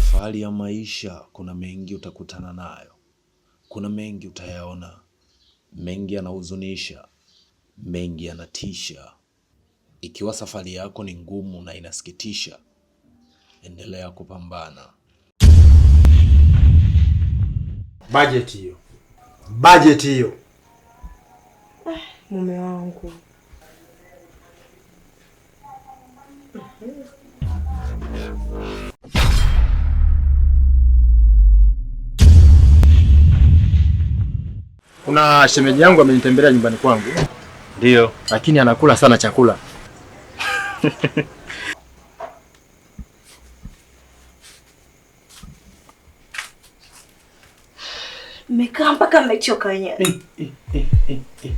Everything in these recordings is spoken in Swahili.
safari ya maisha kuna mengi utakutana nayo, kuna mengi utayaona, mengi yanahuzunisha, mengi yanatisha. Ikiwa safari yako ni ngumu na inasikitisha, endelea kupambana. Bajeti hiyo, bajeti hiyo. Ah, mume wangu Kuna shemeji yangu amenitembelea nyumbani kwangu. Ndio, lakini anakula sana chakula Mekaa mpaka mmechoka wenyewe. Eh, eh, eh, eh, eh. eh.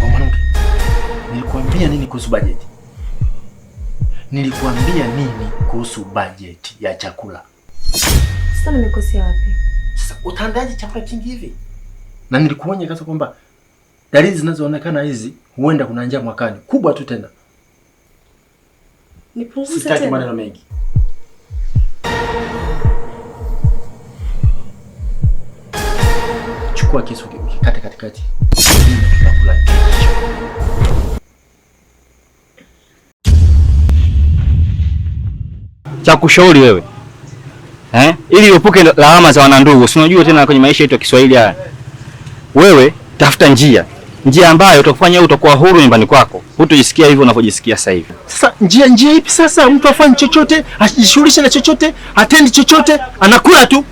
Mwanamke, nilikwambia nini kuhusu bajeti? nilikuambia nini kuhusu bajeti ya chakula? Sasa nimekosea wapi? Sasa utaandaje chakula kingi hivi? Na nilikuonya kasa kwamba dalili zinazoonekana hizi huenda kuna njaa mwakani kubwa tu tena. Nipunguze tena. Sitaki maneno mengi. Chukua kisu kikate katikati. Chakula. cha kushauri wewe eh, ili uepuke lawama za wanandugu. Si unajua tena kwenye maisha yetu ya Kiswahili haya, wewe tafuta njia, njia ambayo utakufanya utakuwa huru nyumbani kwako, hutojisikia hivyo unavyojisikia sasa hivi. Sasa njia, njia ipi sasa? Mtu afanye chochote, ajishughulishe na chochote, atendi chochote, anakula tu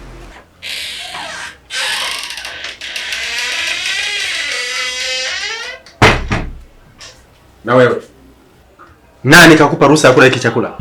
na wewe nani kakupa ruhusa ya kula hiki chakula?